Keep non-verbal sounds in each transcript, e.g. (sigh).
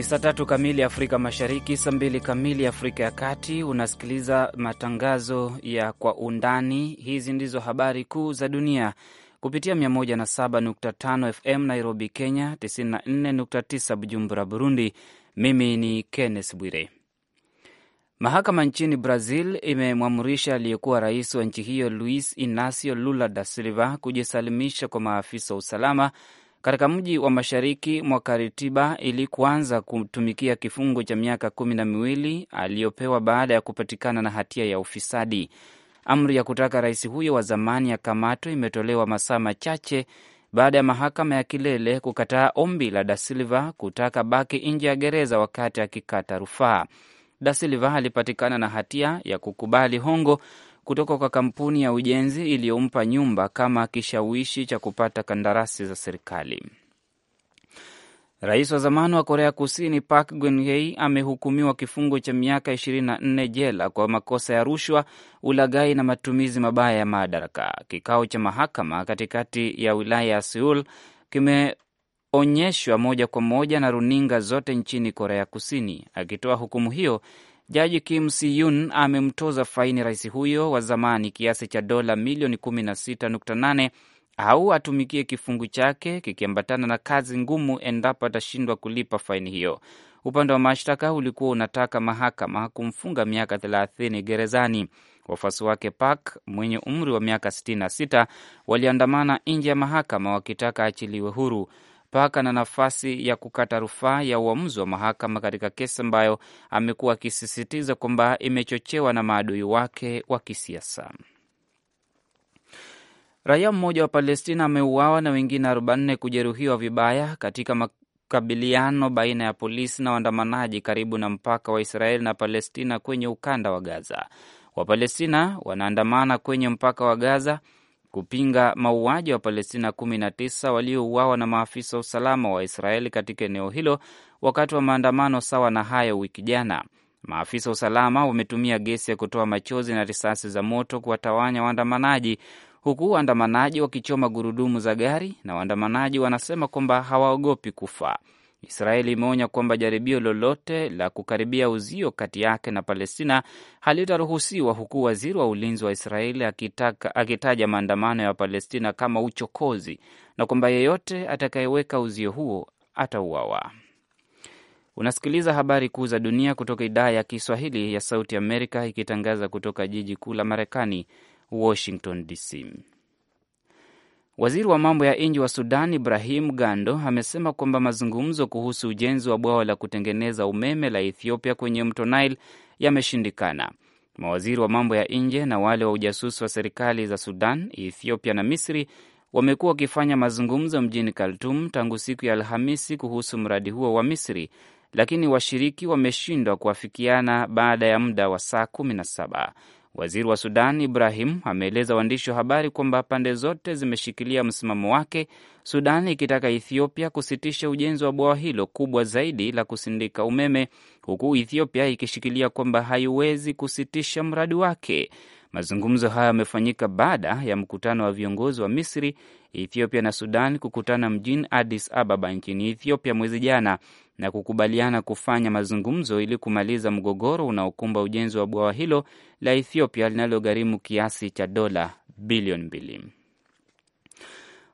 Ni saa tatu kamili Afrika Mashariki, saa mbili kamili Afrika ya Kati. Unasikiliza matangazo ya Kwa Undani. Hizi ndizo habari kuu za dunia kupitia 107.5 FM Nairobi, Kenya, 94.9 Bujumbura, Burundi. Mimi ni Kenneth Bwire. Mahakama nchini Brazil imemwamurisha aliyekuwa rais wa nchi hiyo Luis Inacio Lula da Silva kujisalimisha kwa maafisa wa usalama katika mji wa mashariki mwa Karitiba ili kuanza kutumikia kifungo cha miaka kumi na miwili aliyopewa baada ya kupatikana na hatia ya ufisadi. Amri ya kutaka rais huyo wa zamani akamatwe imetolewa masaa machache baada ya mahakama ya kilele kukataa ombi la Da Silva kutaka baki nje ya gereza wakati akikata rufaa. Da Silva alipatikana na hatia ya kukubali hongo kutoka kwa kampuni ya ujenzi iliyompa nyumba kama kishawishi cha kupata kandarasi za serikali. Rais wa zamani wa Korea Kusini Park Geun-hye amehukumiwa kifungo cha miaka 24 jela kwa makosa ya rushwa, ulaghai na matumizi mabaya ya madaraka. Kikao cha mahakama katikati ya wilaya ya Seoul kimeonyeshwa moja kwa moja na runinga zote nchini Korea Kusini. Akitoa hukumu hiyo, Jaji Kim Yun amemtoza faini rais huyo wa zamani kiasi cha dola milioni 16.8 au atumikie kifungu chake kikiambatana na kazi ngumu endapo atashindwa kulipa faini hiyo. Upande wa mashtaka ulikuwa unataka mahakama kumfunga miaka 30 gerezani. Wafuasi wake Park mwenye umri wa miaka 66 waliandamana nje ya mahakama wakitaka achiliwe huru mpaka na nafasi ya kukata rufaa ya uamuzi wa mahakama katika kesi ambayo amekuwa akisisitiza kwamba imechochewa na maadui wake wa kisiasa. Raia mmoja wa Palestina ameuawa na wengine 44 kujeruhiwa vibaya katika makabiliano baina ya polisi na waandamanaji karibu na mpaka wa Israeli na Palestina kwenye ukanda wa Gaza. Wapalestina wanaandamana kwenye mpaka wa Gaza kupinga mauaji wa Palestina 19 waliouawa na maafisa wa usalama wa Israeli katika eneo hilo wakati wa maandamano sawa na hayo wiki jana. Maafisa wa usalama wametumia gesi ya kutoa machozi na risasi za moto kuwatawanya waandamanaji, huku waandamanaji wakichoma gurudumu za gari, na waandamanaji wanasema kwamba hawaogopi kufa. Israeli imeonya kwamba jaribio lolote la kukaribia uzio kati yake na Palestina halitaruhusiwa, huku waziri wa ulinzi wa Israeli akitaka, akitaja maandamano ya Palestina kama uchokozi na kwamba yeyote atakayeweka uzio huo atauawa. Unasikiliza habari kuu za dunia kutoka idhaa ya Kiswahili ya Sauti Amerika, ikitangaza kutoka jiji kuu la Marekani, Washington DC. Waziri wa mambo ya nje wa Sudan Ibrahim Gando amesema kwamba mazungumzo kuhusu ujenzi wa bwawa la kutengeneza umeme la Ethiopia kwenye mto Nile yameshindikana. Mawaziri wa mambo ya nje na wale wa ujasusi wa serikali za Sudan, Ethiopia na Misri wamekuwa wakifanya mazungumzo mjini Khartoum tangu siku ya Alhamisi kuhusu mradi huo wa Misri, lakini washiriki wameshindwa kuafikiana baada ya muda wa saa kumi na saba. Waziri wa Sudan Ibrahim ameeleza waandishi wa habari kwamba pande zote zimeshikilia msimamo wake, Sudan ikitaka Ethiopia kusitisha ujenzi wa bwawa hilo kubwa zaidi la kusindika umeme, huku Ethiopia ikishikilia kwamba haiwezi kusitisha mradi wake. Mazungumzo hayo yamefanyika baada ya mkutano wa viongozi wa Misri, Ethiopia na Sudan kukutana mjini Addis Ababa nchini Ethiopia mwezi jana na kukubaliana kufanya mazungumzo ili kumaliza mgogoro unaokumba ujenzi wa bwawa hilo la Ethiopia linalogharimu kiasi cha dola bilioni mbili.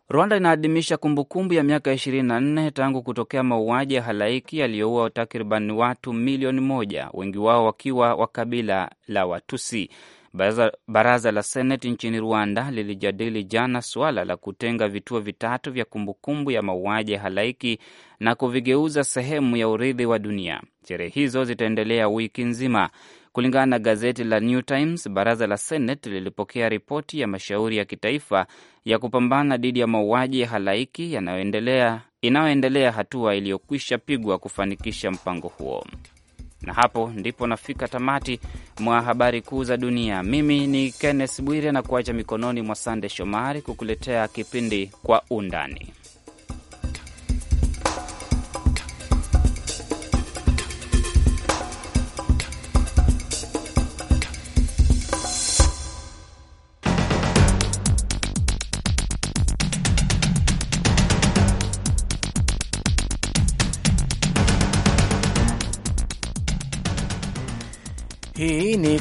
Rwanda inaadhimisha kumbukumbu ya miaka 24 tangu kutokea mauaji ya halaiki yaliyoua takriban watu milioni moja, wengi wao wakiwa wa kabila la Watusi. Baraza, baraza la seneti nchini Rwanda lilijadili jana suala la kutenga vituo vitatu vya kumbukumbu ya mauaji ya halaiki na kuvigeuza sehemu ya urithi wa dunia. Sherehe hizo zitaendelea wiki nzima. Kulingana na gazeti la New Times, baraza la seneti lilipokea ripoti ya mashauri ya kitaifa ya kupambana dhidi ya mauaji ya halaiki inayoendelea, hatua iliyokwisha pigwa kufanikisha mpango huo. Na hapo ndipo nafika tamati mwa habari kuu za dunia. Mimi ni Kenneth Bwire na kuacha mikononi mwa Sande Shomari kukuletea kipindi kwa undani.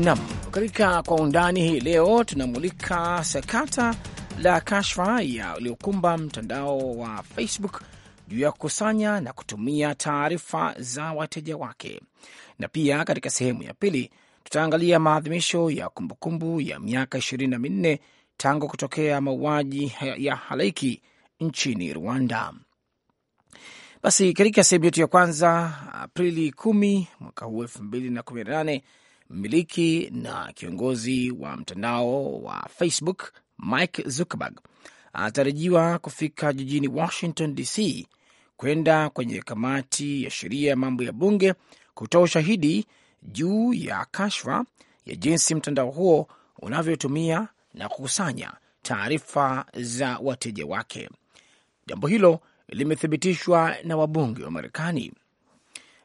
Nam, katika kwa undani hii leo tunamulika sakata la kashfa ya uliokumba mtandao wa Facebook juu ya kukusanya na kutumia taarifa za wateja wake, na pia katika sehemu ya pili tutaangalia maadhimisho ya kumbukumbu ya miaka ishirini na minne tangu kutokea mauaji ya halaiki nchini Rwanda. Basi katika sehemu yetu ya kwanza, Aprili kumi mwaka huu elfu mbili na kumi na nane mmiliki na kiongozi wa mtandao wa Facebook Mike Zuckerberg anatarajiwa kufika jijini Washington DC kwenda kwenye kamati ya sheria ya mambo ya bunge kutoa ushahidi juu ya kashfa ya jinsi mtandao huo unavyotumia na kukusanya taarifa za wateja wake. Jambo hilo limethibitishwa na wabunge wa Marekani.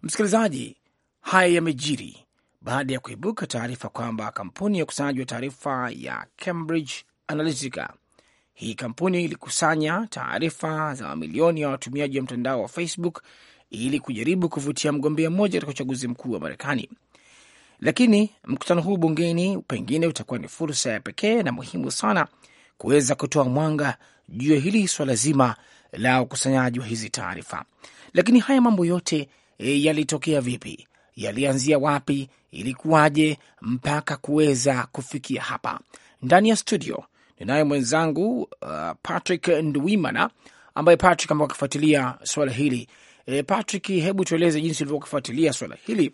Msikilizaji, haya yamejiri baada ya kuibuka taarifa kwamba kampuni ya ukusanyaji wa taarifa ya Cambridge Analytica. Hii kampuni ilikusanya taarifa za mamilioni ya watumiaji wa mtandao wa Facebook ili kujaribu kuvutia mgombea mmoja katika uchaguzi mkuu wa Marekani. Lakini mkutano huu bungeni pengine utakuwa ni fursa ya pekee na muhimu sana kuweza kutoa mwanga juu ya hili swala zima la ukusanyaji wa hizi taarifa. Lakini haya mambo yote e, yalitokea vipi? Yalianzia wapi? ilikuwaje mpaka kuweza kufikia hapa. Ndani ya studio ninaye mwenzangu uh, Patrick Ndwimana ambaye Patrick ambao akifuatilia swala hili e, Patrick, hebu tueleze jinsi ulivyokufuatilia swala hili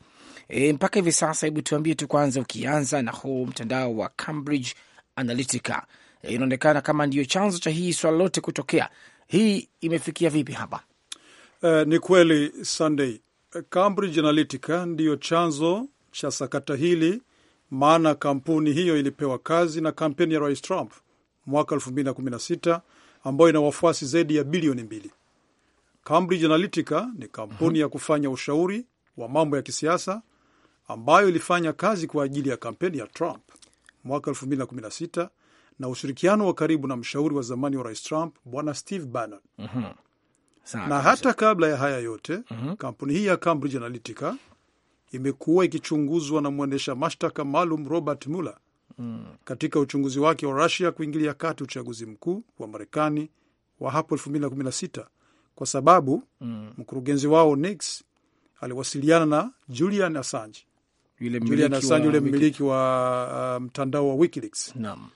e, mpaka hivi sasa. Hebu tuambie tu kwanza, ukianza na huu mtandao wa Cambridge Analytica e, inaonekana kama ndiyo chanzo cha hii swala lote kutokea. Hii imefikia vipi hapa? Uh, ni kweli Sunday, Cambridge Analytica ndiyo chanzo cha sakata hili, maana kampuni hiyo ilipewa kazi na kampeni ya Rais Trump mwaka 2016 ambayo ina wafuasi zaidi ya bilioni mbili. Cambridge Analytica ni kampuni mm -hmm. ya kufanya ushauri wa mambo ya kisiasa ambayo ilifanya kazi kwa ajili ya kampeni ya Trump mwaka 2016 na ushirikiano wa karibu na mshauri wa zamani wa Rais Trump Bwana Steve Bannon mm -hmm. na hata kabla ya haya yote mm -hmm. kampuni hii ya Cambridge Analytica imekuwa ikichunguzwa na mwendesha mashtaka maalum Robert Mueller mm. katika uchunguzi wake wa Rusia kuingilia kati uchaguzi mkuu wa Marekani wa hapo 2016 kwa sababu mm. mkurugenzi wao Nix aliwasiliana na Julian Assange, Julian Assange yule mmiliki wa uh, mtandao wa WikiLeaks naam.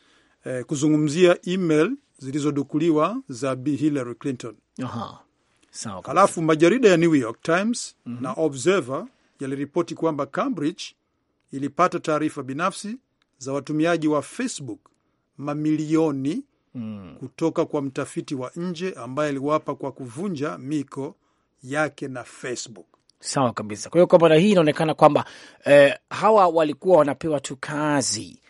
Eh, kuzungumzia email zilizodukuliwa za b Hillary Clinton. Aha. Sawa. Alafu majarida ya New York Times mm -hmm. na mhm. Observer yaliripoti kwamba Cambridge ilipata taarifa binafsi za watumiaji wa Facebook mamilioni mm. kutoka kwa mtafiti wa nje ambaye aliwapa kwa kuvunja miko yake na Facebook. Sawa kabisa. Kwa hiyo kwa mara hii inaonekana kwamba eh, hawa walikuwa wanapewa tu kazi,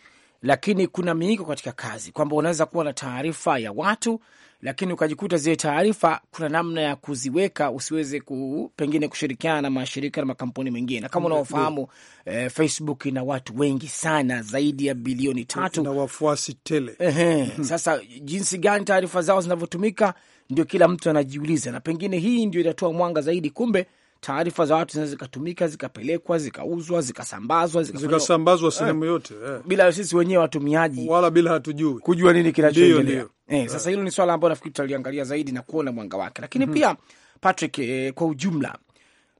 lakini kuna miiko katika kazi kwamba unaweza kuwa na taarifa ya watu lakini ukajikuta zile taarifa kuna namna ya kuziweka usiweze ku, pengine kushirikiana na mashirika na makampuni mengine, na kama unaofahamu eh, Facebook ina watu wengi sana zaidi ya bilioni tatu na wafuasi tele. Ehe, (laughs) sasa jinsi gani taarifa zao zinavyotumika ndio kila mtu anajiuliza, na pengine hii ndio itatoa mwanga zaidi, kumbe taarifa za watu zinaweza zikatumika zikapelekwa zikauzwa zikasambazwa zikasambazwa sehemu yote eh, bila sisi wenyewe watumiaji wala bila hatujui kujua nini kinachoendelea. Eh, sasa eh. hilo eh, ni swala ambalo nafikiri tutaliangalia zaidi na kuona mwanga wake, lakini mm -hmm. pia Patrick, eh, kwa ujumla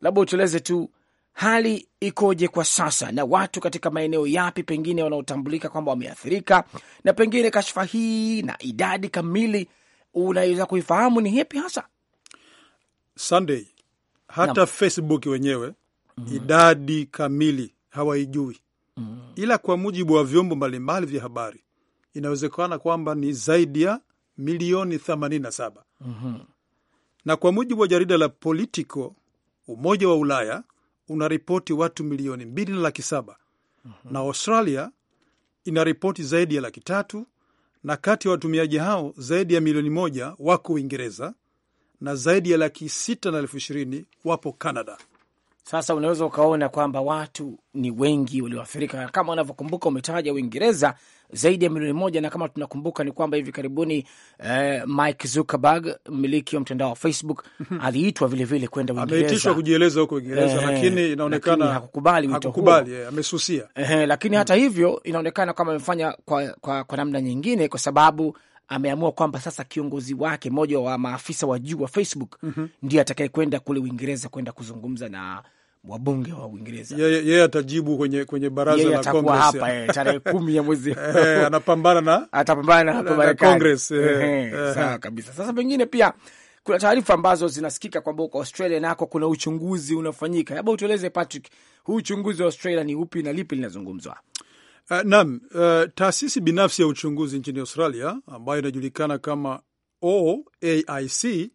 labda utueleze tu hali ikoje kwa sasa na watu katika maeneo yapi pengine wanaotambulika kwamba wameathirika na pengine kashfa hii na idadi kamili unaweza kuifahamu ni hipi hasa Sunday? hata na, Facebook wenyewe mm -hmm. idadi kamili hawaijui mm -hmm. ila kwa mujibu wa vyombo mbalimbali vya habari inawezekana kwamba ni zaidi ya milioni 87 mm -hmm. na kwa mujibu wa jarida la Politico Umoja wa Ulaya unaripoti watu milioni mbili na laki saba mm -hmm. na Australia inaripoti zaidi ya laki tatu na kati ya watumiaji hao zaidi ya milioni moja wako Uingereza na zaidi ya laki sita na elfu ishirini wapo Canada. Sasa unaweza ukaona kwamba watu ni wengi walioathirika, kama unavyokumbuka umetaja Uingereza zaidi ya milioni moja, na kama tunakumbuka ni kwamba hivi karibuni eh, Mike Zuckerberg mmiliki wa mtandao wa Facebook (laughs) aliitwa vilevile kwenda Uingereza, ameitishwa kujieleza huko Uingereza eh, lakini inaonekana hakukubali, hakukubali amesusia eh, lakini hmm, hata hivyo inaonekana kama amefanya kwa, kwa, kwa namna nyingine kwa sababu ameamua kwamba sasa kiongozi wake mmoja wa maafisa wa juu wa Facebook mm -hmm. ndiye kwenda kule Uingereza kwenda kuzungumza na wabunge wa Uingereza. Yeye atajibu kwenye, kwenye baraza la Congress hapa eh, tarehe kumi ya mwezi (laughs) eh, anapambana na atapambana Marekani Congress eh, eh, sawa kabisa. Sasa pengine pia kuna taarifa ambazo zinasikika kwamba huko Australia nako kuna uchunguzi unafanyika. Labda utueleze Patrick, huu uchunguzi wa Australia ni upi na lipi linazungumzwa? Uh, naam, uh, taasisi binafsi ya uchunguzi nchini Australia ambayo inajulikana kama OAIC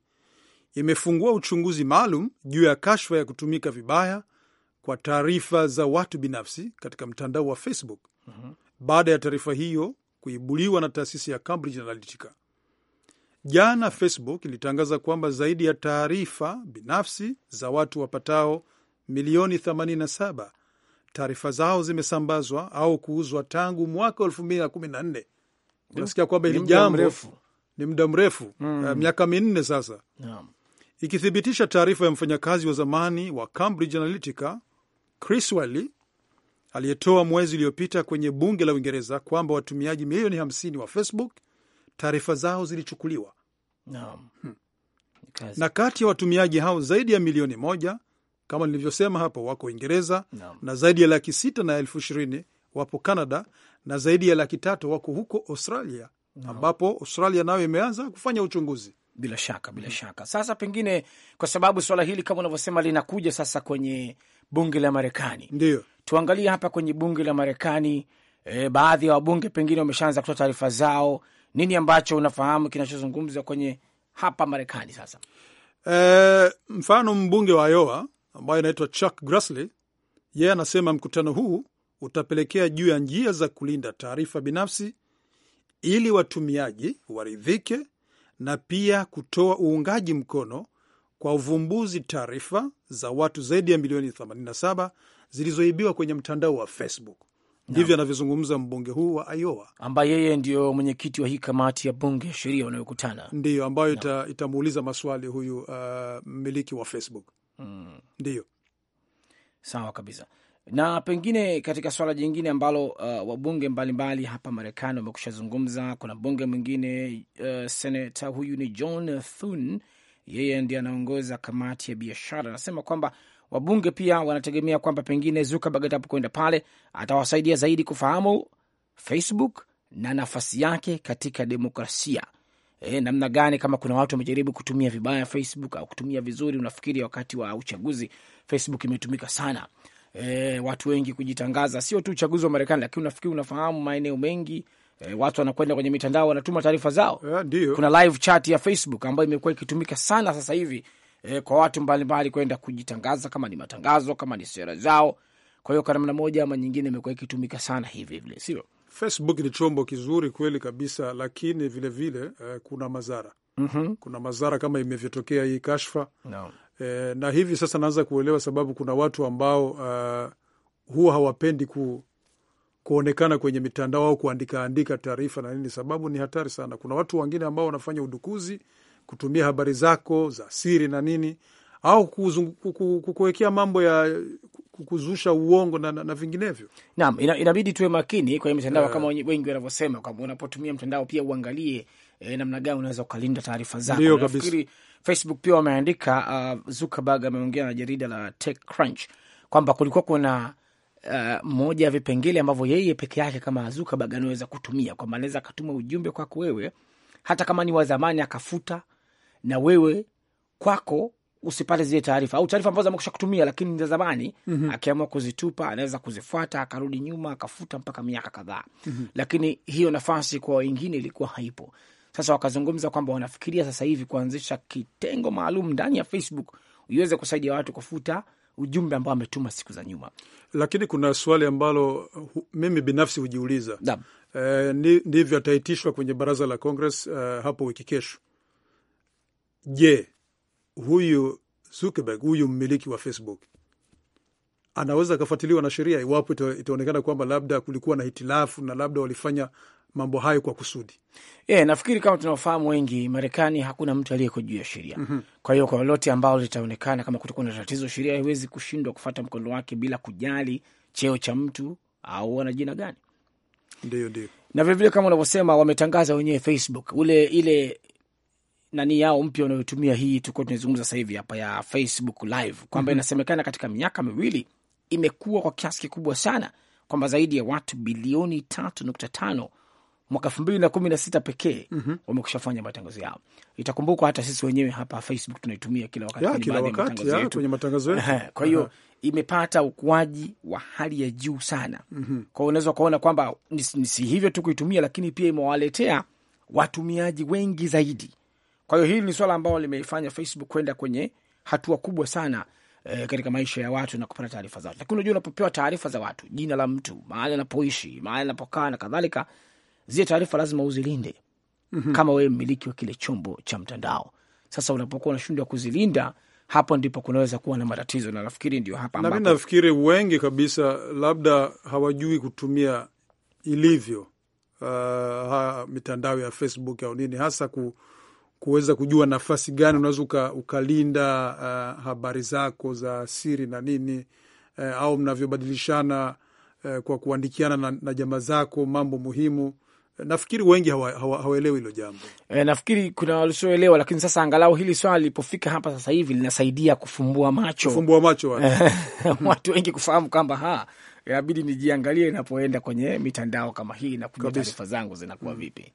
imefungua uchunguzi maalum juu ya kashfa ya kutumika vibaya kwa taarifa za watu binafsi katika mtandao wa Facebook uh mhm. -huh. Baada ya taarifa hiyo kuibuliwa na taasisi ya Cambridge Analytica jana, Facebook ilitangaza kwamba zaidi ya taarifa binafsi za watu wapatao milioni 87 taarifa zao zimesambazwa au kuuzwa tangu mwaka elfu mbili na kumi na nne. Unasikia kwamba hili jambo ni muda mrefu mm. uh, miaka minne sasa yeah. Ikithibitisha taarifa ya mfanyakazi wa zamani wa Cambridge Analytica Chris Wallace aliyetoa mwezi uliopita kwenye bunge la Uingereza kwamba watumiaji milioni hamsini wa Facebook taarifa zao zilichukuliwa yeah. hmm. na kati ya watumiaji hao zaidi ya milioni moja kama nilivyosema hapo, wako Uingereza no. na zaidi ya laki sita na elfu ishirini wapo Canada na zaidi ya laki tatu wako huko Australia no. ambapo Australia nayo imeanza kufanya uchunguzi bila shaka bila mm. shaka. Sasa pengine kwa sababu swala hili kama unavyosema linakuja sasa kwenye bunge la Marekani, ndio tuangalie hapa kwenye bunge la Marekani. E, baadhi ya wa wabunge pengine wameshaanza kutoa taarifa zao. Nini ambacho unafahamu kinachozungumzwa kwenye hapa Marekani sasa? E, mfano mbunge wa Iowa ambayo inaitwa Chuck Grassley. Yeye anasema mkutano huu utapelekea juu ya njia za kulinda taarifa binafsi ili watumiaji waridhike na pia kutoa uungaji mkono kwa uvumbuzi taarifa za watu zaidi ya milioni 87 zilizoibiwa kwenye mtandao wa Facebook. Ndivyo anavyozungumza mbunge huu wa Iowa ambaye yeye ndiyo mwenyekiti wa hii kamati ya bunge ya sheria wanayokutana, ndiyo ambayo ita, itamuuliza maswali huyu uh, mmiliki uh, wa Facebook. Ndiyo, sawa kabisa. Na pengine katika swala jingine ambalo uh, wabunge mbalimbali hapa Marekani wamekusha zungumza, kuna mbunge mwingine uh, senata huyu ni John Thune, yeye ndiye anaongoza kamati ya biashara. Anasema kwamba wabunge pia wanategemea kwamba pengine Zuckerberg atapokwenda pale atawasaidia zaidi kufahamu Facebook na nafasi yake katika demokrasia e, namna gani kama kuna watu wamejaribu kutumia vibaya Facebook au kutumia vizuri. Unafikiri wakati wa uchaguzi Facebook imetumika sana, e, watu wengi kujitangaza, sio tu uchaguzi wa Marekani, lakini unafikiri, unafahamu maeneo mengi E, watu wanakwenda kwenye mitandao wanatuma taarifa zao. Yeah, kuna live chat ya Facebook ambayo imekuwa ikitumika sana sasa hivi e, kwa watu mbalimbali kwenda kujitangaza, kama ni matangazo, kama ni sera zao. Kwa hiyo kwa namna moja ama nyingine imekuwa ikitumika sana hivi vile, sio Facebook ni chombo kizuri kweli kabisa, lakini vilevile vile, uh, kuna madhara mm -hmm. kuna madhara kama imevyotokea hii kashfa no. uh, na hivi sasa naanza kuelewa sababu kuna watu ambao uh, huwa hawapendi ku, kuonekana kwenye mitandao au kuandikaandika taarifa na nini, sababu ni hatari sana. Kuna watu wengine ambao wanafanya udukuzi, kutumia habari zako za siri na nini, au kukuwekea mambo ya kuzusha uongo na, na, na vinginevyo. Naam, inabidi tuwe makini kwenye mitandao yeah, kama wengi wanavyosema kwamba unapotumia mtandao pia uangalie E, namna gani unaweza ukalinda taarifa zako. Nafikiri Facebook pia wameandika, uh, Zuckerberg ameongea na jarida la TechCrunch kwamba kulikuwa kuna uh, moja ya vipengele ambavyo yeye peke yake kama Zuckerberg anaweza kutumia, kwamba anaweza akatuma ujumbe kwako wewe, hata kama ni wa zamani, akafuta na wewe kwako usipate zile taarifa au taarifa ambazo amekusha kutumia lakini za zamani mm -hmm. Akiamua kuzitupa anaweza kuzifuata akarudi nyuma akafuta mpaka miaka kadhaa mm -hmm. Lakini hiyo nafasi kwa wengine ilikuwa haipo. Sasa wakazungumza kwamba wanafikiria sasa hivi kuanzisha kitengo maalum ndani ya Facebook iweze kusaidia watu kufuta ujumbe ambao ametuma siku za nyuma. Lakini kuna swali ambalo hu, mimi binafsi hujiuliza eh, ndivyo ataitishwa kwenye baraza la Congress eh, hapo wiki kesho. Je, huyu Zuckerberg, huyu mmiliki wa Facebook anaweza akafuatiliwa na sheria iwapo itaonekana kwamba labda kulikuwa na hitilafu na labda walifanya mambo hayo kwa kusudi. Yeah, nafikiri kama tunaofahamu wengi, Marekani hakuna mtu aliyeko juu ya sheria. mm -hmm. Kwa hiyo kwa lolote ambalo litaonekana kama kutakuwa na tatizo, sheria haiwezi kushindwa kufata mkondo wake bila kujali cheo cha mtu au ana jina gani. Ndio, ndio. Na vilevile kama unavyosema, wametangaza wenyewe Facebook ule ile nani yao mpya wanayotumia hii, tukuwa tunazungumza sasa hivi hapa ya Facebook Live kwamba mm -hmm. inasemekana katika miaka miwili imekuwa kwa kiasi kikubwa sana kwamba zaidi ya watu bilioni tatu nukta tano mwaka elfu mbili na kumi na sita pekee mm -hmm. wamekusha fanya matangazo yao. Itakumbukwa hata sisi wenyewe hapa Facebook tunaitumia kila wakati ya, kila wakati ya, kwenye matangazo yetu. Kwa hiyo uh -huh. imepata ukuaji wa hali ya juu sana mm -hmm. kwao, unaweza ukaona kwamba si hivyo tu kuitumia, lakini pia imewaletea watumiaji wengi zaidi kwa hiyo hili ni swala ambalo limeifanya Facebook kwenda kwenye hatua kubwa sana e, katika maisha ya watu na kupata taarifa za watu. Lakini unajua, unapopewa taarifa za watu, jina la mtu, mahali anapoishi, mahali anapokaa na kadhalika, zile taarifa lazima uzilinde mm -hmm. kama wewe mmiliki wa kile chombo cha mtandao. Sasa unapokuwa unashindwa kuzilinda hapo ndipo kunaweza kuwa na matatizo, na nafikiri ndio hapa ambapo na nafikiri wengi kabisa labda hawajui kutumia ilivyo uh, ha, mitandao ya Facebook au nini hasa ku, uh, kuweza kujua nafasi gani unaweza ukalinda uh, habari zako za siri na nini uh, au mnavyobadilishana uh, kwa kuandikiana na, na jamaa zako mambo muhimu. Nafikiri wengi hawaelewi hawa, hawa hilo jambo e, nafikiri kuna walisioelewa, lakini sasa angalau hili swala lilipofika hapa sasa hivi linasaidia kufumbua macho, kufumbua macho watu, ah. (laughs) watu wengi kufahamu kwamba ha inabidi nijiangalie inapoenda kwenye mitandao kama hii na kujua taarifa zangu zinakuwa mm, vipi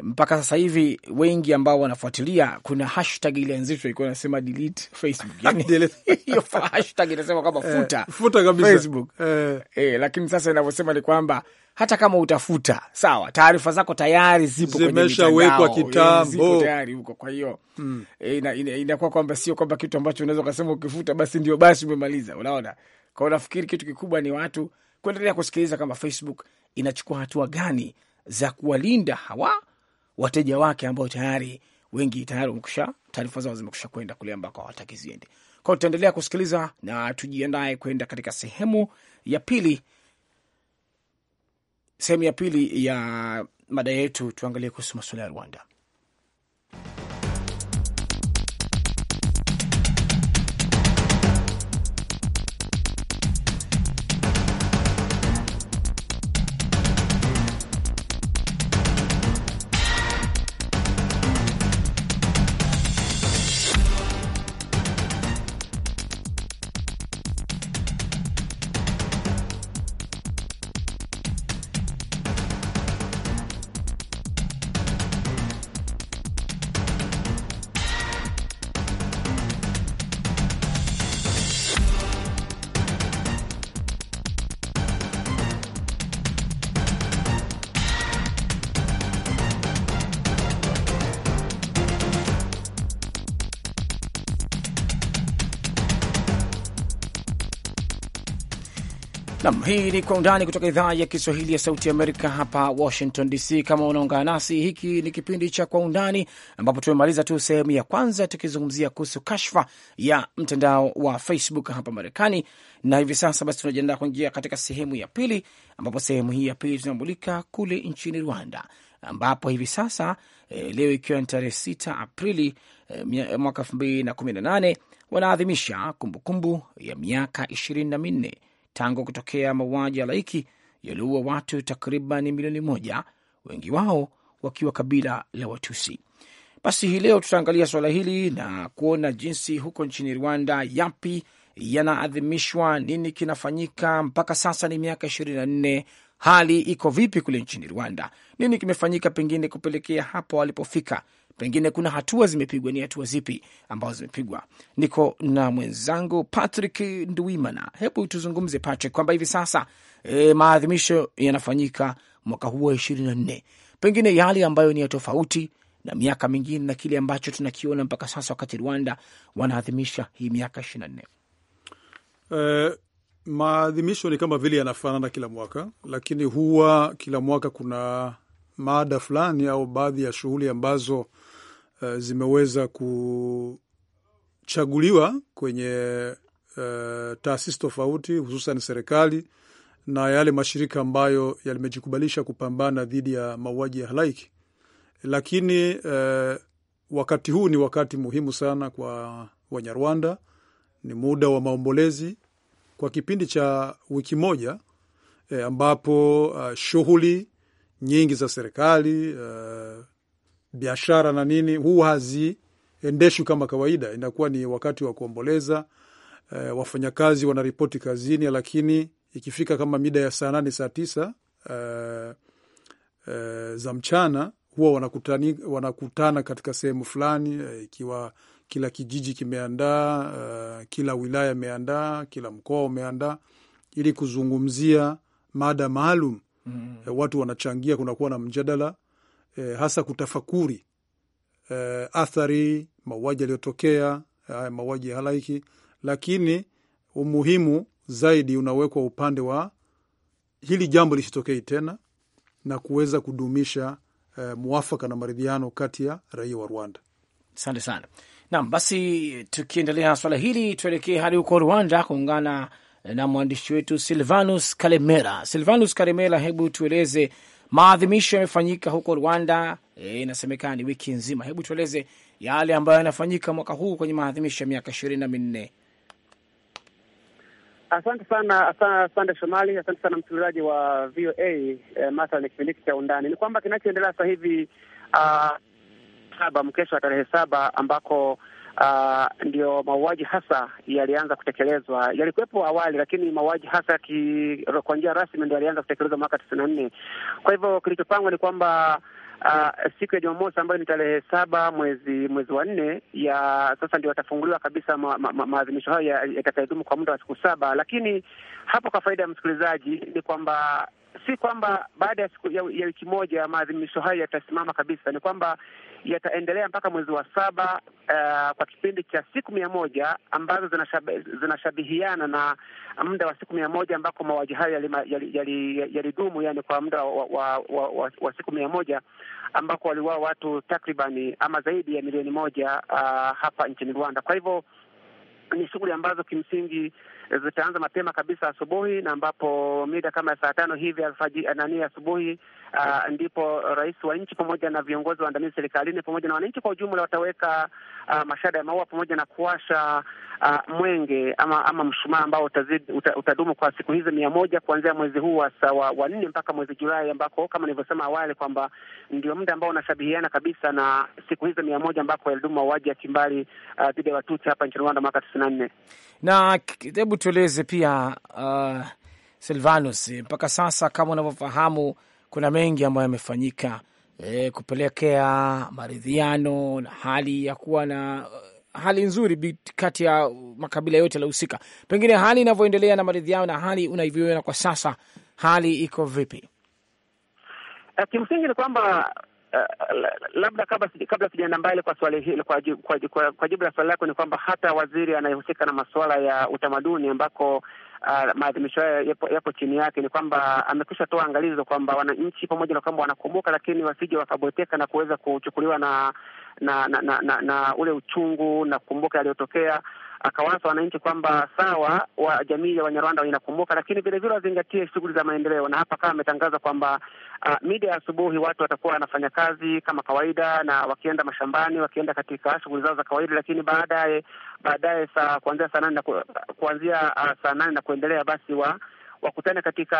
mpaka sasa hivi wengi ambao wanafuatilia, kuna hashtag ilianzishwa ilikuwa inasema delete Facebook, (laughs) yani hiyo hashtag inasema kwamba eh, futa eh, futa kabisa Facebook eh, Eh, lakini sasa inavyosema ni kwamba hata kama utafuta sawa, taarifa zako tayari zipo kwenye mitandao eh, kitambo, zipo tayari huko. Kwa hiyo mm, e, eh, inakuwa ina, ina kwamba sio kwamba kitu ambacho unaweza ukasema ukifuta basi ndio basi umemaliza. Unaona, kwa nafikiri kitu kikubwa ni watu kuendelea kusikiliza kama Facebook inachukua hatua gani za kuwalinda hawa wateja wake ambao tayari wengi tayari wamekusha taarifa zao zimekusha kwenda kule ambako hawataki ziende. Kwa hiyo tutaendelea kusikiliza na tujiandae kwenda katika sehemu ya pili, sehemu ya pili ya mada yetu, tuangalie kuhusu masuala ya Rwanda. Nam, hii ni Kwa Undani kutoka idhaa ya Kiswahili ya Sauti Amerika hapa Washington DC. Kama unaungana nasi, hiki ni kipindi cha Kwa Undani ambapo tumemaliza tu sehemu ya kwanza tukizungumzia kuhusu kashfa ya mtandao wa Facebook hapa Marekani, na hivi sasa basi tunajiandaa kuingia katika sehemu ya pili, ambapo sehemu hii ya pili tunamulika kule nchini Rwanda, ambapo hivi sasa e, leo ikiwa ni tarehe 6 Aprili e, mwaka nane wanaadhimisha kumbukumbu ya miaka ishirini na minne tangu kutokea mauaji ya laiki yaliua watu takriban milioni moja, wengi wao wakiwa kabila la Watusi. Basi hii leo tutaangalia suala hili na kuona jinsi huko nchini Rwanda yapi yanaadhimishwa, nini kinafanyika. Mpaka sasa ni miaka ishirini na nne hali iko vipi kule nchini Rwanda? Nini kimefanyika pengine kupelekea hapo walipofika? Pengine kuna hatua zimepigwa, ni hatua zipi ambazo zimepigwa? Niko na mwenzangu Patrick Ndwimana. Hebu tuzungumze Patrick, kwamba hivi sasa e, maadhimisho yanafanyika mwaka huu wa ishirini na nne, pengine yale ambayo ni ya tofauti na miaka mingine na kile ambacho tunakiona mpaka sasa, wakati Rwanda wanaadhimisha hii miaka ishirini na nne. Eh, maadhimisho ni kama vile yanafanana kila mwaka, lakini huwa kila mwaka kuna mada fulani au baadhi ya shughuli ambazo uh, zimeweza kuchaguliwa kwenye uh, taasisi tofauti, hususan serikali na yale mashirika ambayo yalimejikubalisha kupambana dhidi ya mauaji ya halaiki. Lakini uh, wakati huu ni wakati muhimu sana kwa Wanyarwanda, ni muda wa maombolezi kwa kipindi cha wiki moja e, ambapo uh, shughuli nyingi za serikali uh, biashara na nini huwa haziendeshwi kama kawaida. Inakuwa ni wakati wa kuomboleza. E, wafanyakazi wanaripoti kazini, lakini ikifika kama mida ya saa nane saa tisa e, e, za mchana huwa wanakutani, wanakutana katika sehemu fulani e, ikiwa kila kijiji kimeandaa, uh, kila wilaya imeandaa, kila mkoa umeandaa ili kuzungumzia mada maalum mm -hmm. Eh, watu wanachangia, kunakuwa na mjadala eh, hasa kutafakuri eh, athari mauaji yaliyotokea haya mauaji ya halaiki, lakini umuhimu zaidi unawekwa upande wa hili jambo lisitokei tena na kuweza kudumisha eh, muafaka na maridhiano kati ya raia wa Rwanda. Asante sana. Naam, basi tukiendelea na swala hili, tuelekee hadi huko Rwanda kuungana na mwandishi wetu Silvanus Kalemera. Silvanus Kalemera, hebu tueleze, maadhimisho yamefanyika huko Rwanda, e, inasemekana e, ni wiki nzima. Hebu tueleze yale ambayo yanafanyika mwaka huu kwenye maadhimisho ya miaka ishirini na minne. Asante sana asante Shomali, asante sana msikilizaji wa VOA. E, eh, masala ni kipindi cha undani, ni kwamba kinachoendelea sasa hivi uh, saba mkesho wa tarehe saba ambako uh, ndio mauaji hasa yalianza kutekelezwa. Yalikuwepo awali, lakini mauaji hasa kwa njia rasmi ndio yalianza kutekelezwa mwaka tisini na nne. Kwa hivyo kilichopangwa ni kwamba Uh, siku ya Jumamosi ambayo ni tarehe saba mwezi mwezi wa nne ya sasa ndio yatafunguliwa kabisa maadhimisho ma, ma, hayo yatakayodumu ya kwa muda wa siku saba. Lakini hapo, kwa faida ya msikilizaji, ni kwamba si kwamba baada ya siku ya, ya wiki moja maadhimisho hayo yatasimama kabisa, ni kwamba yataendelea mpaka mwezi wa saba uh, kwa kipindi cha siku mia moja ambazo zinashabihiana na muda wa siku mia moja ambako mauaji hayo yalidumu yali, yali, yali, yani kwa muda wa, wa, wa, wa, wa siku mia moja ambako waliuawa watu takribani ama zaidi ya milioni moja uh, hapa nchini Rwanda. Kwa hivyo ni shughuli ambazo kimsingi Eh, zitaanza mapema kabisa asubuhi, na ambapo mida kama saa tano hivi alfajiri nani asubuhi uh, ndipo rais wa nchi pamoja na viongozi waandamizi serikalini pamoja na wananchi kwa ujumla wataweka uh, mashada ya maua pamoja na kuwasha uh, mwenge ama ama mshumaa ambao utazidi utadumu kwa siku hizi mia moja kuanzia mwezi huu wa nne mpaka mwezi Julai, ambako kama nilivyosema awali kwamba ndio muda ambao unashabihiana kabisa na siku hizi mia moja ambako yalidumu mauaji ya kimbali dhidi uh, ya Watutsi hapa nchini Rwanda mwaka tisini na nne. Na hebu tueleze pia uh, Silvanus, mpaka sasa kama unavyofahamu kuna mengi ambayo yamefanyika e, kupelekea maridhiano na hali ya kuwa na eh, hali nzuri kati ya makabila yote yaliohusika. Pengine hali inavyoendelea na maridhiano na hali unavyoona kwa sasa, hali iko vipi? Eh, kimsingi ni kwamba Uh, labda kabla kabla sijaenda mbali kwa swali hili, kwa, kwa, kwa, kwa jibu la swali lako ni kwamba hata waziri anayehusika na masuala ya utamaduni ambako uh, maadhimisho hayo yapo, yapo chini yake, ni kwamba amekwisha toa angalizo kwamba wananchi pamoja na kwamba wanakumbuka, lakini wasije wakabweteka na kuweza kuchukuliwa na na na, na na na ule uchungu na kukumbuka yaliyotokea akawaza wananchi kwamba sawa, wa jamii ya Wanyarwanda inakumbuka, lakini vilevile wazingatie shughuli za maendeleo. Na hapa kama ametangaza kwamba uh, ah, mida ya asubuhi watu watakuwa wanafanya kazi kama kawaida, na wakienda mashambani, wakienda katika shughuli zao za kawaida, lakini baadaye baadaye saa kuanzia saa nane na kuanzia uh, saa nane na kuendelea basi wa wakutane katika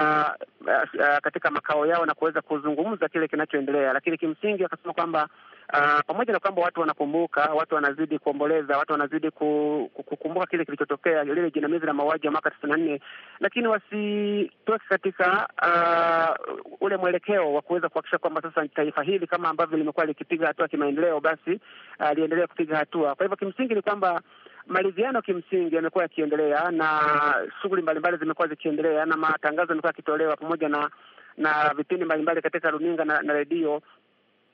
uh, katika makao yao na kuweza kuzungumza kile kinachoendelea, lakini kimsingi akasema kwamba Uh, pamoja na kwamba watu wanakumbuka, watu wanazidi kuomboleza, watu wanazidi kukumbuka kile kilichotokea, lile jinamizi la mauaji ya mwaka tisini na nne, lakini wasitoke katika uh, ule mwelekeo wa kuweza kuhakikisha kwamba sasa taifa hili kama ambavyo limekuwa likipiga hatua kimaendeleo, basi uh, liendelee kupiga hatua. Kwa hivyo kimsingi ni kwamba maridhiano kimsingi yamekuwa yakiendelea na shughuli mbalimbali zimekuwa zikiendelea na matangazo yamekuwa yakitolewa pamoja na na vipindi mbalimbali katika runinga na, na redio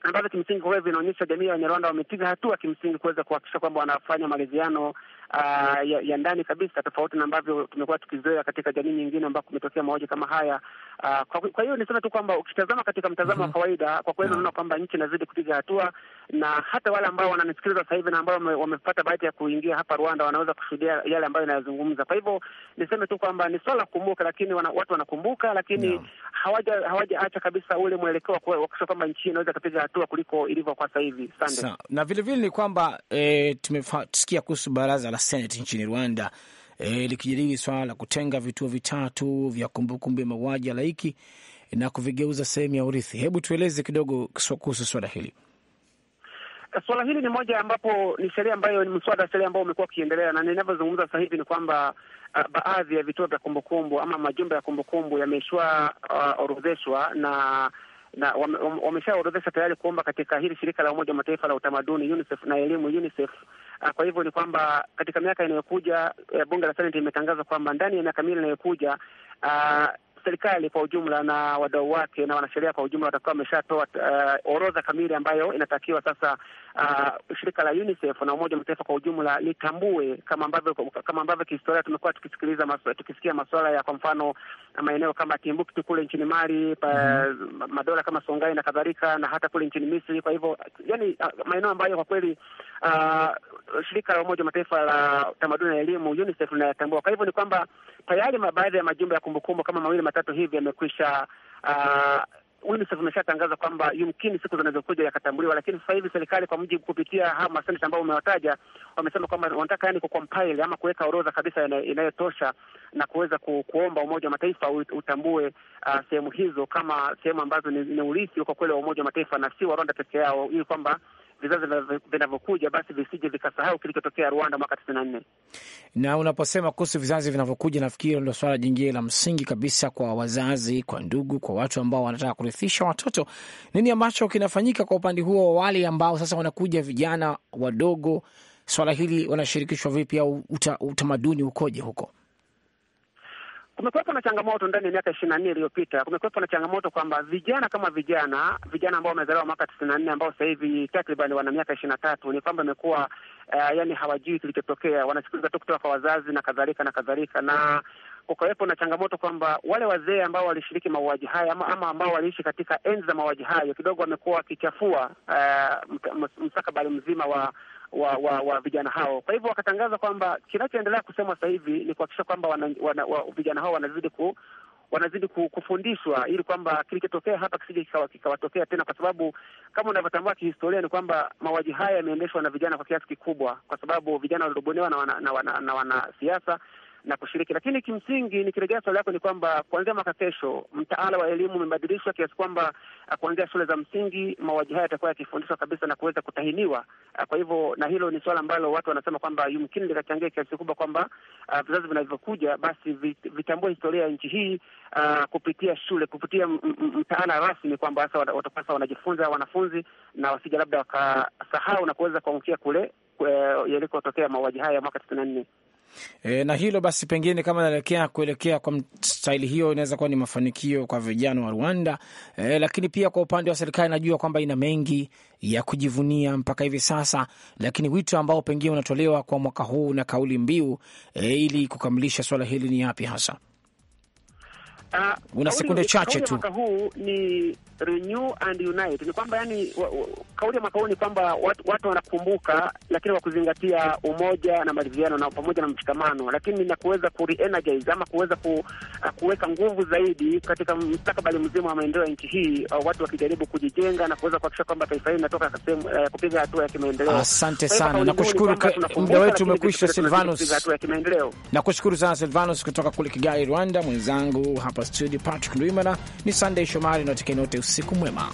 ambavyo kimsingi kwa hivyo vinaonyesha jamii ya Wanyarwanda wamepiga hatua kimsingi kuweza kuhakikisha kwamba wanafanya maridhiano uh, ya, ya ndani kabisa, tofauti na ambavyo tumekuwa tukizoea katika jamii nyingine ambao kumetokea mauaji kama haya. Uh, kwa, kwa hiyo niseme tu kwamba ukitazama katika mtazamo mm -hmm. wa mhm. kawaida kwa kweli unaona kwamba nchi inazidi kupiga hatua, na hata wale ambao wananisikiliza sasa hivi na ambao wamepata bahati ya kuingia hapa Rwanda wanaweza kushuhudia yale ambayo inayozungumza. Kwa hivyo niseme tu kwamba ni swala la kukumbuka, lakini wana, watu wanakumbuka, lakini yeah. hawaja hawajaacha kabisa ule mwelekeo wa kusema kwamba nchi inaweza kupiga hatua kuliko ilivyo kwa sasa hivi. Asante. Na vile vile ni kwamba e, eh, tumesikia kuhusu baraza la Senate nchini Rwanda e, likijadili swala la kutenga vituo vitatu vya kumbukumbu ya mauaji ya laiki na kuvigeuza sehemu ya urithi. Hebu tueleze kidogo kuhusu swala hili. Eh, swala hili ni moja ambapo ni sheria ambayo ni mswada wa sheria ambao umekuwa ukiendelea, na ninavyozungumza sasa hivi ni kwamba uh, baadhi ya vituo vya kumbukumbu ama majumba ya kumbukumbu yameshwa uh, orodheshwa na na wameshaorodhesha tayari kuomba katika hili shirika la Umoja wa Mataifa la utamaduni UNICEF na elimu UNICEF Ah, kwa hivyo ni kwamba katika miaka inayokuja, eh, bunge la Seneti imetangaza kwamba ndani ya miaka miwili inayokuja ah, serikali kwa ujumla na wadau wake na wanasheria kwa ujumla watakuwa wameshatoa uh, orodha kamili ambayo inatakiwa sasa uh, shirika la UNICEF na Umoja wa Mataifa kwa ujumla litambue, kama ambavyo kama ambavyo kihistoria tumekuwa tukisikiliza maswa, tukisikia masuala ya kwa mfano maeneo kama Timbuktu kule nchini Mali pa, mm. madola kama Songhai na kadhalika na hata kule nchini Misri. Kwa hivyo yani, uh, maeneo ambayo kwa kweli uh, shirika la Umoja wa Mataifa la tamaduni na elimu UNICEF linayatambua. Kwa hivyo ni kwamba tayari baadhi ya majumba ya kumbukumbu kama mawili matatu hivi yamekwisha uh, UNICEF imeshatangaza kwamba yumkini siku zinazokuja yakatambuliwa, lakini sasa hivi serikali kwa mujibu kupitia hawa maseneta ambao umewataja wamesema kwamba wanataka yani kucompile ama kuweka orodha kabisa inayotosha na kuweza ku, kuomba Umoja wa Mataifa utambue uh, sehemu hizo kama sehemu ambazo ni, ni urithi kwa kweli wa Umoja wa Mataifa na si wa Rwanda peke yao, ili kwamba vizazi vinavyokuja basi visije vikasahau kilichotokea Rwanda mwaka tisini na nne. Na unaposema kuhusu vizazi vinavyokuja, nafikiri ndio swala jingine la msingi kabisa kwa wazazi, kwa ndugu, kwa watu ambao wanataka kurithisha watoto. Nini ambacho kinafanyika kwa upande huo wa wale ambao sasa wanakuja vijana wadogo, swala hili wanashirikishwa vipi, au utamaduni ukoje huko? Kumekuwepo na changamoto ndani ya miaka ishirini na nne iliyopita. Kumekuwepo na changamoto kwamba vijana kama vijana vijana ambao wamezaliwa mwaka tisini na nne ambao sasa hivi takriban wana miaka ishirini na tatu ni kwamba imekuwa uh, yani hawajui kilichotokea, wanasikiliza tu kutoka kwa wazazi na kadhalika na kadhalika na kukawepo na changamoto kwamba wale wazee ambao walishiriki mauaji haya ama, ama ambao waliishi katika enzi za mauaji hayo kidogo wamekuwa wakichafua uh, eh, mstakabali mzima wa wa, wa, wa vijana hao. Kwa hivyo wakatangaza kwamba kinachoendelea kusemwa sasa hivi ni kuhakikisha kwamba wana, wana, wa, vijana hao wanazidi ku wanazidi kufundishwa ili kwamba kilichotokea hapa kisije kikawatokea tena, kwa sababu kama unavyotambua kihistoria ni kwamba mauaji haya yameendeshwa na vijana kwa kiasi kikubwa, kwa sababu vijana walidobonewa na wanasiasa na wana, na wana na kushiriki. Lakini kimsingi, nikirejea swali lako, ni kwamba kuanzia mwaka kesho mtaala wa elimu umebadilishwa kiasi kwamba uh, kuanzia shule za msingi mauaji haya yatakuwa yakifundishwa kabisa na kuweza kutahiniwa. Uh, kwa hivyo, na hilo ni suala ambalo watu wanasema kwamba yumkini likachangia kiasi kubwa kwamba uh, vizazi vinavyokuja basi vitambue historia ya nchi hii kupitia shule, kupitia mtaala rasmi, kwamba sasa watakuwa sasa wanajifunza wanafunzi na wasija labda wakasahau na kuweza kuangukia kule yalikotokea mauaji haya ya mwaka tisini na nne. E, na hilo basi pengine kama naelekea kuelekea kwa staili hiyo inaweza kuwa ni mafanikio kwa vijana wa Rwanda. E, lakini pia kwa upande wa serikali najua kwamba ina mengi ya kujivunia mpaka hivi sasa, lakini wito ambao pengine unatolewa kwa mwaka huu na kauli mbiu e, ili kukamilisha swala hili ni yapi hasa? Uh, una sekunde chache tu. Mwaka huu ni renew and unite, ni kwamba yani, kauli ya mwaka huu ni kwamba watu, watu wanakumbuka, lakini kwa kuzingatia umoja na maridhiano na pamoja na mshikamano, lakini na kuweza ku re-energize ama kuweza ku, ah, kuweka nguvu zaidi katika mstakabali mzima wa maendeleo ya nchi hii, ah, watu wakijaribu kujijenga na kuweza kuhakikisha kwamba taifa hili linatoka sehemu uh, kupiga hatua ya kimaendeleo. Asante sana, nakushukuru. Muda wetu umekwisha, Silvanus. Nakushukuru sana Silvanus kutoka kule Kigali, Rwanda, mwenzangu hapa hapa studio Patrick Ndwimana, ni Sunday Shomari na watikeni wote, usiku mwema.